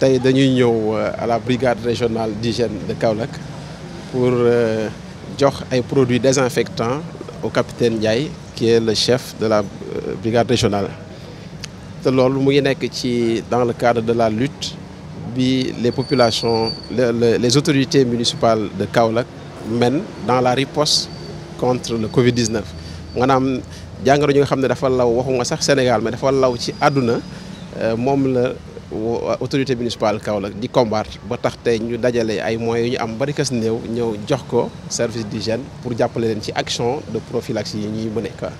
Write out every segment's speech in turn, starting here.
Tay dañuy euh, à la brigade régionale d'hygiène de Kaolack pour donner euh, un produit désinfectant au capitaine Ndiaye qui est le chef de la euh, brigade régionale dans le cadre de la lutte les populations les autorités municipales de Kaolack mènent dans la riposte contre le Covid-19 Sénégal mais autorité municipale Kaolack di combattre ba tax tey ñu dajalé ay moyens ñu am bari jox ko service d'hygiène pour jappalé len ci action de prophylaxie ñi ñuy mëne quoi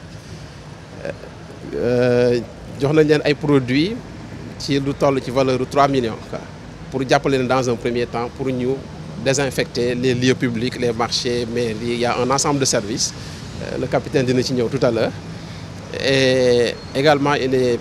euh, jox nañ len ay produits ci lu toll ci valeur 3 millions quoi pour jappalé len dans un premier temps pour ñu désinfecter les lieux publics les marchés mais il y a un ensemble de services euh, le capitaine dina ci ñew tout à l'heure et également il est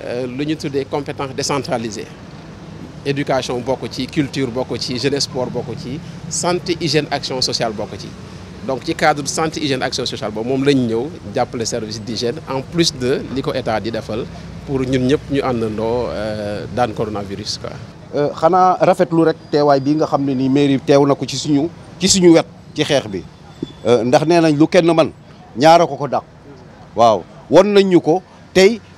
Euh, lu ñu tuddee compétence décentralisée éducation bokk ci culture bokk ci jeunesse sport bokk ci santé hygiène action sociale bokk ci donc ci cadre santé hygiène action sociale boobu moom lañ ñëw jàppale service d'hygiène en plus de li ko état di defal pour ñun ñëpp ñu àndandoo euh, daan coronavirus quoi. Euh, xanaa rafetlu rek teewaay bi nga xam ni mairie teew na ko ci suñu ci suñu wet ci xeex bi ndax nee nañ lu kenn man ñaara ko ko dàq waaw won nañ ñu ko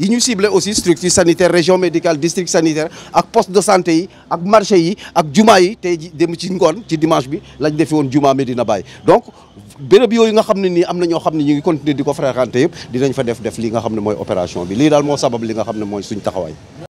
yi ñu ciblé aussi structure sanitaire région médicale district sanitaire ak poste de santé yi ak marché yi ak jumaa yi tey ji dem ci ngoon ci dimanche bi lañ defe woon jumaa Medina Baye donc béréb yooyu nga xam ne nii am na ñoo xam ne ñu ngi continuer di ko fréquenter yëpp dinañ fa def def li nga xam ne opération bi lii daal moo sabab li nga xam ne mooy suñ taxawaay